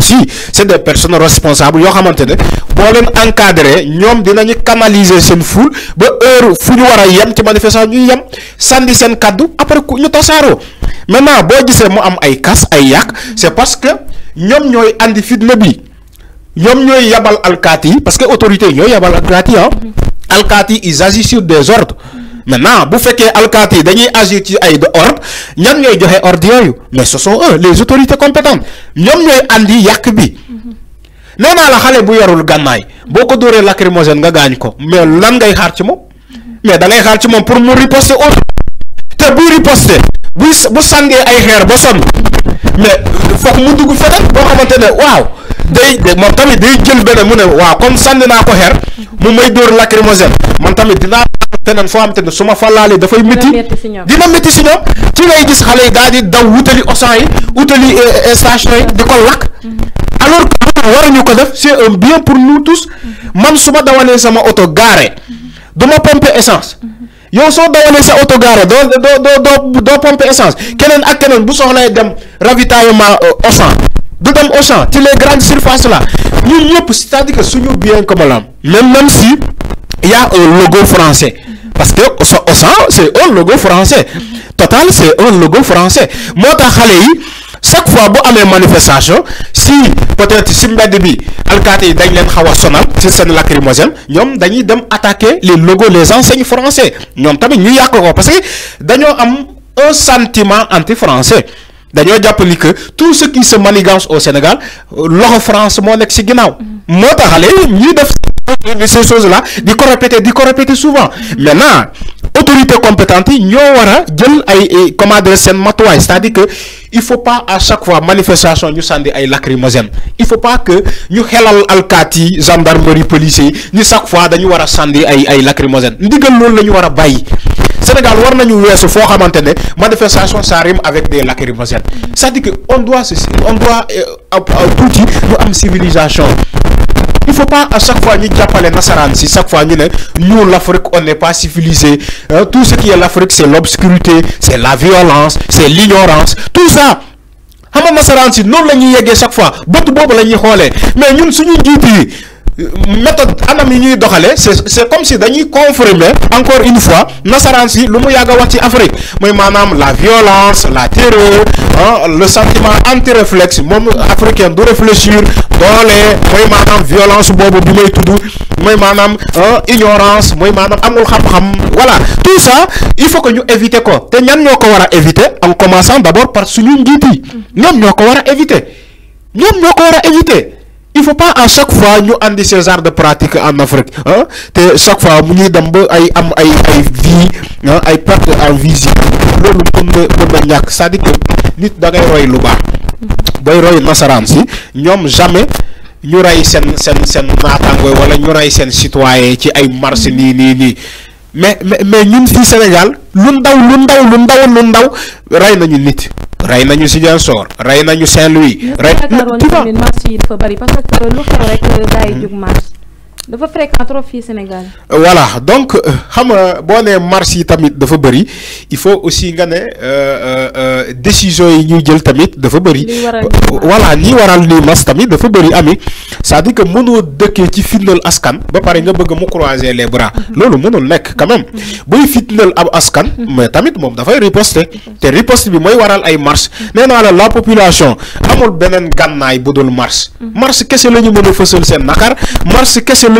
aussi c'est des personnes responsables yo xamantene bo len encadrer encadré dinañu canaliser sen foule ba heure fuñu wara yam ci manifestation ñu yam sandi sen kàddu après ku ñu tasaaroo maintenant bo gisee mu am ay casse ay yak c'est parce que ñom ñoy andi fitna bi ñom ñoy yabal alkaati parce que autorité ñoy yabal alkaati yi ah ils agissent sur des ordres maintenant vous faites al qaïda dañuy agir ci ay ordre ñan joxe mais ce sont les autorités compétentes Ñom andi yak bi nee la bu yorul boko nga gañ ko mais lan ngay xaar mais da ngay xaar ci pour riposter mais mu dugg day moom tamit day jël benn mu ne waaw comme sànni naa ko xeer mu may dóor lacrymogène man tamit dinaa feneen foo xam te ne su ma fa laalee dafay métti dina métti si ñoom ci ngay gis xale yi daal di daw wutali osan yi wutali eh, station yi di ko lakk mm-hmm. alors que waruñu ko def c'est un bien pour nous tous mm-hmm. man su ma dawalee sama oto gaare mm-hmm. du ma pomper essence yow soo dawalee sa oto gaare doo doo doo doo pomper essence keneen ak keneen bu soxlay dem ravitaillement euh, osan du dem Auchan ci les grandes surfaces là ñun ñëpp c'est-à-dire que suñu bien comme l'homme. même même si y a un logo français parce que au champ c'est un logo français Total c'est un logo français mota xalé yi chaque fois bu une manifestation si peut-être si mbedd bi al yi dañ leen de sonal c'est seen lacrymogène ñoom attaquer les logos les enseignes français ñoom tamit ñu parce que ils am un sentiment anti-français dañoo jàpp ni que tout ce qui se manigance au Sénégal loxo France moo nekk ci ginnaaw moo tax xale ñuy ces choses là di ko répéter di ko souvent maintenant autorité compétente yi ñoo war a jël ay eh, comment dire seen c'est-à-dire que il faut pas à chaque fois manifestation ñu sànni ay lacrymogène il faut pas que ñu xelal alkaati gendarmerie policier yi ñu chaque fois dañu war a sànni ay ay lacrymogène ndigal loolu la ñu war a Sénégal war nañu weesu fort à ne manifestation ça rime avec des lacrymogènes mm-hmm. c'est-à-dire que on doit on doit nous euh, ñu am civilisation il faut pas à chaque fois ñu les Nassarans, si chaque fois nous, ne l'Afrique on n'est pas civilisé euh, tout ce qui est l'Afrique c'est l'obscurité c'est la violence c'est l'ignorance tout ça nous, nga Nassarans, nous, les la chaque fois bët boobu la ñuy mais ñun suñu nous méthode anam yi ñuy doxalee c'est c'est comme si dañuy confirmer encore une fois nasaraan si lu mu yaga wax ci Afrique moy manam la violence la terreur hein, le sentiment anti-réflexe mom africain do réfléchir doole moy manam violence bobu bi may moy manam hein, ignorance moy manam amul xam-xam voilà tout ça il faut que ñu éviter ko té ñan ñoo ko war éviter en commençant d'abord par suñu njiit yi ñoom ñoo ko war éviter ñom ñoo ko war éviter il faut pas à chaque fois nous andi ces de pratique en Afrique hein chaque fois nous dem ay am ay vie hein? ay perte en visite, de ñak cest que nit da ngay roy lu ba roy si ñom jamais ñu sen sen sen wala ñu citoyen ci ay marché ni ni mais mais ñun Sénégal lu ndaw lu ndaw lu ndaw lu ndaw ray nañu rey nañu Ziguinchor rey nañu Saint-Louis. rey na tu vois dafa bari parce que lu xew rek gars yi jóg marche. dafa fréquent trop fi Sénégal. voilà donc euh, xam nga boo nee marche yi tamit dafa bëri il faut aussi nga ne euh, euh, décision yi ñuy jël tamit dafa bëri. voilà ni waral ni mas tamit dafa bëri ami ça à dire que mënoo dëkkee ci fitnal askan. ba pare nga bëgg mu croiser les bras. Mm-hmm. loolu mënul nekk quand même. Mm-hmm. buy fitnal ab askan. Mm-hmm. mais tamit moom dafay riposter. te riposte bi mooy waral ay marche nee naa la la population amul beneen gànnaay bu dul marche. marche kese la ñu mën a fësal seen naqar marche kese la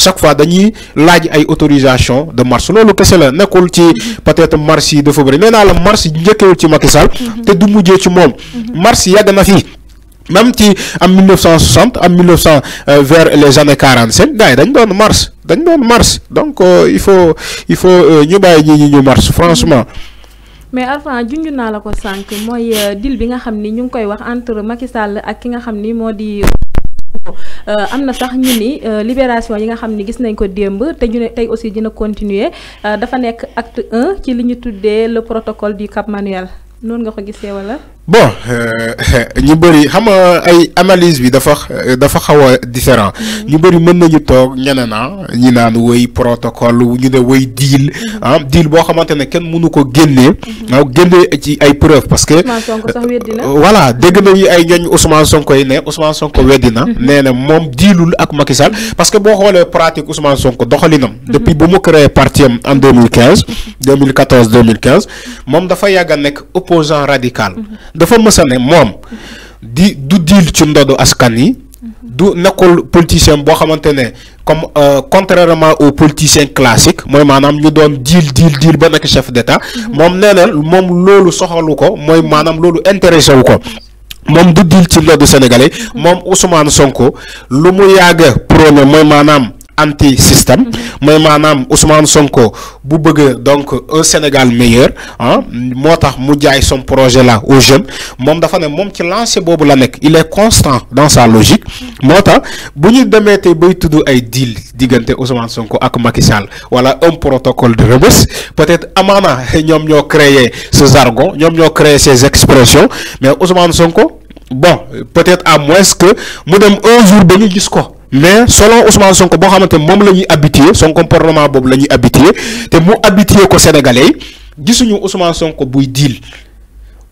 chaque fois dañuy laaj ay autorisation de marche loolu kese la nekkul ci peut-être marche de dafa bëri nee la marche njëkkewul ci Macky Sall te du mujjé ci mom marche yag na fi même ci en 1960 am 1900 euh, vers les années 40 c'est yi dañ doon marche dañ doon marche donc euh, il faut il faut euh, ñu bay ñi ñu marche franchement mais Arfan junj na la ko sank moy dil bi nga xamni ñu koy wax entre Macky Sall ak ki nga xamni ni Euh, am na sax ñu ni euh, libération yi nga xam ni gis nañ ko démb te ñu ne tey aussi dina continuer euh, dafa nekk acte un ci li ñu tuddee le protocole du Cap Manuel noonu nga ko gisee wala. bon euh, ñu bëri xam nga ay analyse bi dafa euh, dafa xaw a différent mm-hmm. ñu bëri mën nañu toog ñene na ñi naan woy protocole ñu ne woy deal mm-hmm. ah deal boo xamante ne kenn mënu ko génnee waaw mm-hmm. ah, génnee ci ay preuve parce que euh, voilà dégg nañu ay ñooñ Ousmane Sonko yi ne Ousmane Sonko weddi na nee moom diilul ak Macky Sall parce que boo xoolee pratique Ousmane Sonko doxalinam depuis bu mu créé parti am en 2015 mille 2015 moom dafa yàgg a nekk opposant radical dafa mës a moom di du diil ci ndodu askan yi du nekkul politicien boo xamante ne comme euh, contrairement aux politiciens classiques mooy maanaam ñu doon diil diil diil ba nekk chef d'état moom nee moom loolu soxalu ko mooy maanaam loolu intéressé wu ko moom du diil ci ndodu sénégalais moom Ousmane Sonko lu mu yàgg prôné mooy maanaam anti système Mais mhm. madame Ousmane Sonko bu donc un Sénégal meilleur Moi, ah, moo mu son projet là aux jeunes Mon dafa ne qui ci lancé il est constant dans sa logique mhm. Moi, tax bu ñu demee tey bay ay deal diggante Ousmane Sonko ak Macky Sall un protocole de rebus. peut-être amana ñoom ñoo créé ce jargon ñoom ñoo créé ces expressions mais Ousmane Sonko bon peut-être à moins que modem un jour ba mais selon Ousmane Sonko bo xamantene mom la habitué son comportement boobu la habitué te mu habitué ko Sénégalais Disons Ousmane Sonko buy deal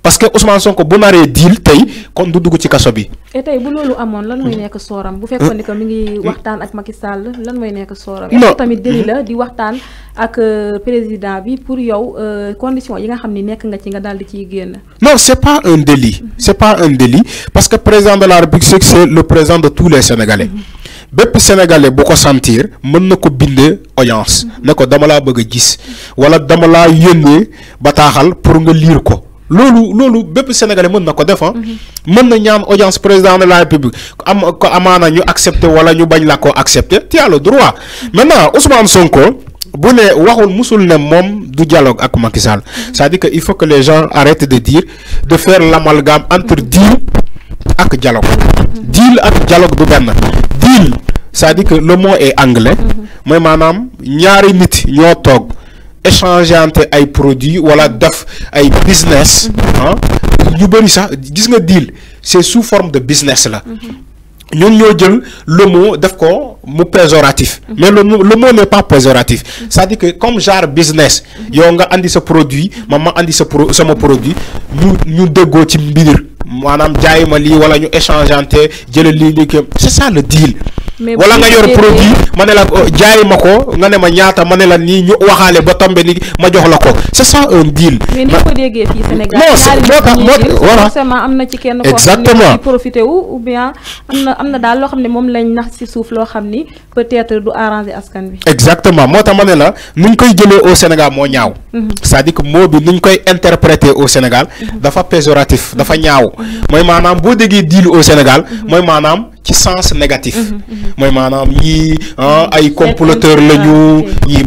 parce que Ousmane Sonko bu naree diil tay kon du dugg ci kasso bi. et tay bu loolu amone lan moy nek soram bu fekkone ko que mi ngi waxtaan ak Macky Sall lan moy nek soram non tamit deli la mhm. di waxtaan ak euh, président bi pour yow euh, condition yi nga xamni nek nga ci nga daal ci guen non c'est pas un délit. Mhm. c'est pas un délit parce que président de la République c'est le président de tous les Sénégalais. Mhm. bépp sénégalais bu ko sentir mën na ko bindee audience ne ko dama laa bëgg gis wala dama laa yónnee bataaxal pour nga lire ko lolu lolu bép sénégalais mën na ko def ah. mhm. mën na ñaan audience président de la république am ko ñu accepté wala ñu bañ la ko accepté tiens le droit mhm. maintenant Ousmane Sonko bu ne waxul musul le mom du dialogue ak Macky Sall mhm. cest à que il faut que les gens arrêtent de dire de faire l'amalgame entre deal ak dialogue deal ak dialogue du ben deal Ça dit que le mot est anglais mooy manam ñaari nit ñoo tok échangeante ay produits wala d'af, ay business mhm. ah yu bari sax gis nga deal c'est sous forme de business là mhm. ñun ñoo jël le mot daf ko mu péjoratif mhm. mais le le mot n'est pas péjoratif ça dit que comme genre business yo nga andi ce produit maman andi ce pro sama produit ñu ñu déggoo ci mbir manam jaay ma lii wala ñu échangeante jël li li c'est ça le deal wala nga yor produit ma ne la euh, jaay ma ko nga ne ma ñaata ma ne la nii ñu waxaale ba tombe ni ma jox la ko c'est ça un deal. mais ni ko déggee fii Sénégal. voilà am na ci kenn koo xam ne profité wu ou am na am na daal loo xam ne moom lañ nax ci suuf loo xam ni peut-être du askan bi. exactement moo tax ma ne la nuñ koy jëlee au Sénégal moo ñaaw. Mhm. c'est-à-dire que mot bi nuñ koy interpréter au Sénégal. Mhm. dafa péjoratif dafa ñaaw. Mhm. mooy maanaam boo déggee deal au Sénégal. mooy maanaam. Qui sens négatif mhm, mhm. y maanaam ñii ah, ay comploteur la ñu ñii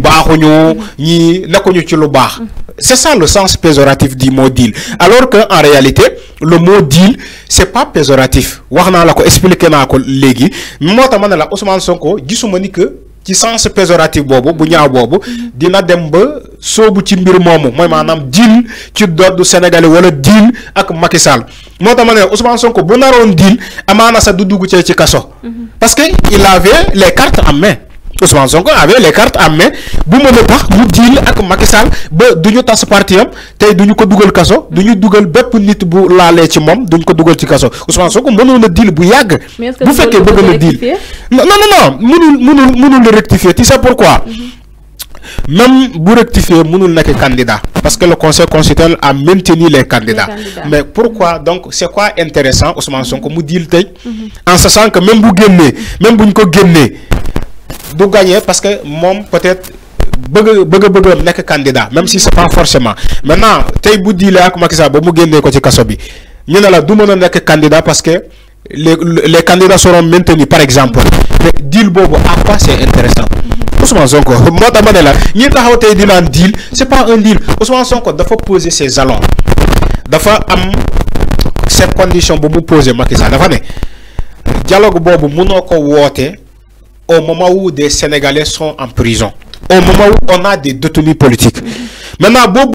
y ñii connu ci lu bar. Mhm. c'est ça le sens péjoratif du mot deal alors que en réalité le mot deal c'est pas péjoratif wax la ko expliqué naa ko Moi, t'as tax la Ousmane Sonko gisuma ni que ci sens péjoratif bu ñaaw dina dem ba sobu ci mbir momu moy manam ci Sénégalais wala ak Macky Sall Ousmane Sonko bu un sa du ci mhm. parce que il avait les cartes en main. Ousmane Sonko avait les cartes en main bu ne a tax mu diil ak Macky Sall ba duñu ñu parti am tay duñu Google ko duggal kasso duñu duggal dugal nit bu laalee ci mom du ko duggal ci kasso Ousmane Sonko mënoon na diil bu yàgg. bu fekkee bëgg na diil non non non mënul mënul mënul le rectifier tu sais pourquoi. Mhm. même bu rectifier mënul nekk candidat parce que le conseil constitutionnel a maintenu les candidats mais pourquoi donc c'est quoi intéressant Ousmane Sonko mhm. mu diil tey mhm. en sachant que même bu gagnez, même vous ko du gagner parce que mon peut-être bëgg bëgg nek candidat même si c'est pas forcément maintenant tay bu deal ak Macky Sall que mu ko ci bi ñu que la du mëna a candidat parce que les les candidats seront maintenus par exemple deal bobo à quoi c'est intéressant mm-hmm. Ousmane Sonko moo tax la ñi taxaw tay di deal c'est pas un deal Ousmane Sonko dafa poser ses jalons dafa am conditions bu poser Macky Sall dafa né dialogue bobu mëno ko au moment où des Sénégalais sont en prison, au moment où on a des détenus politiques. Maintenant,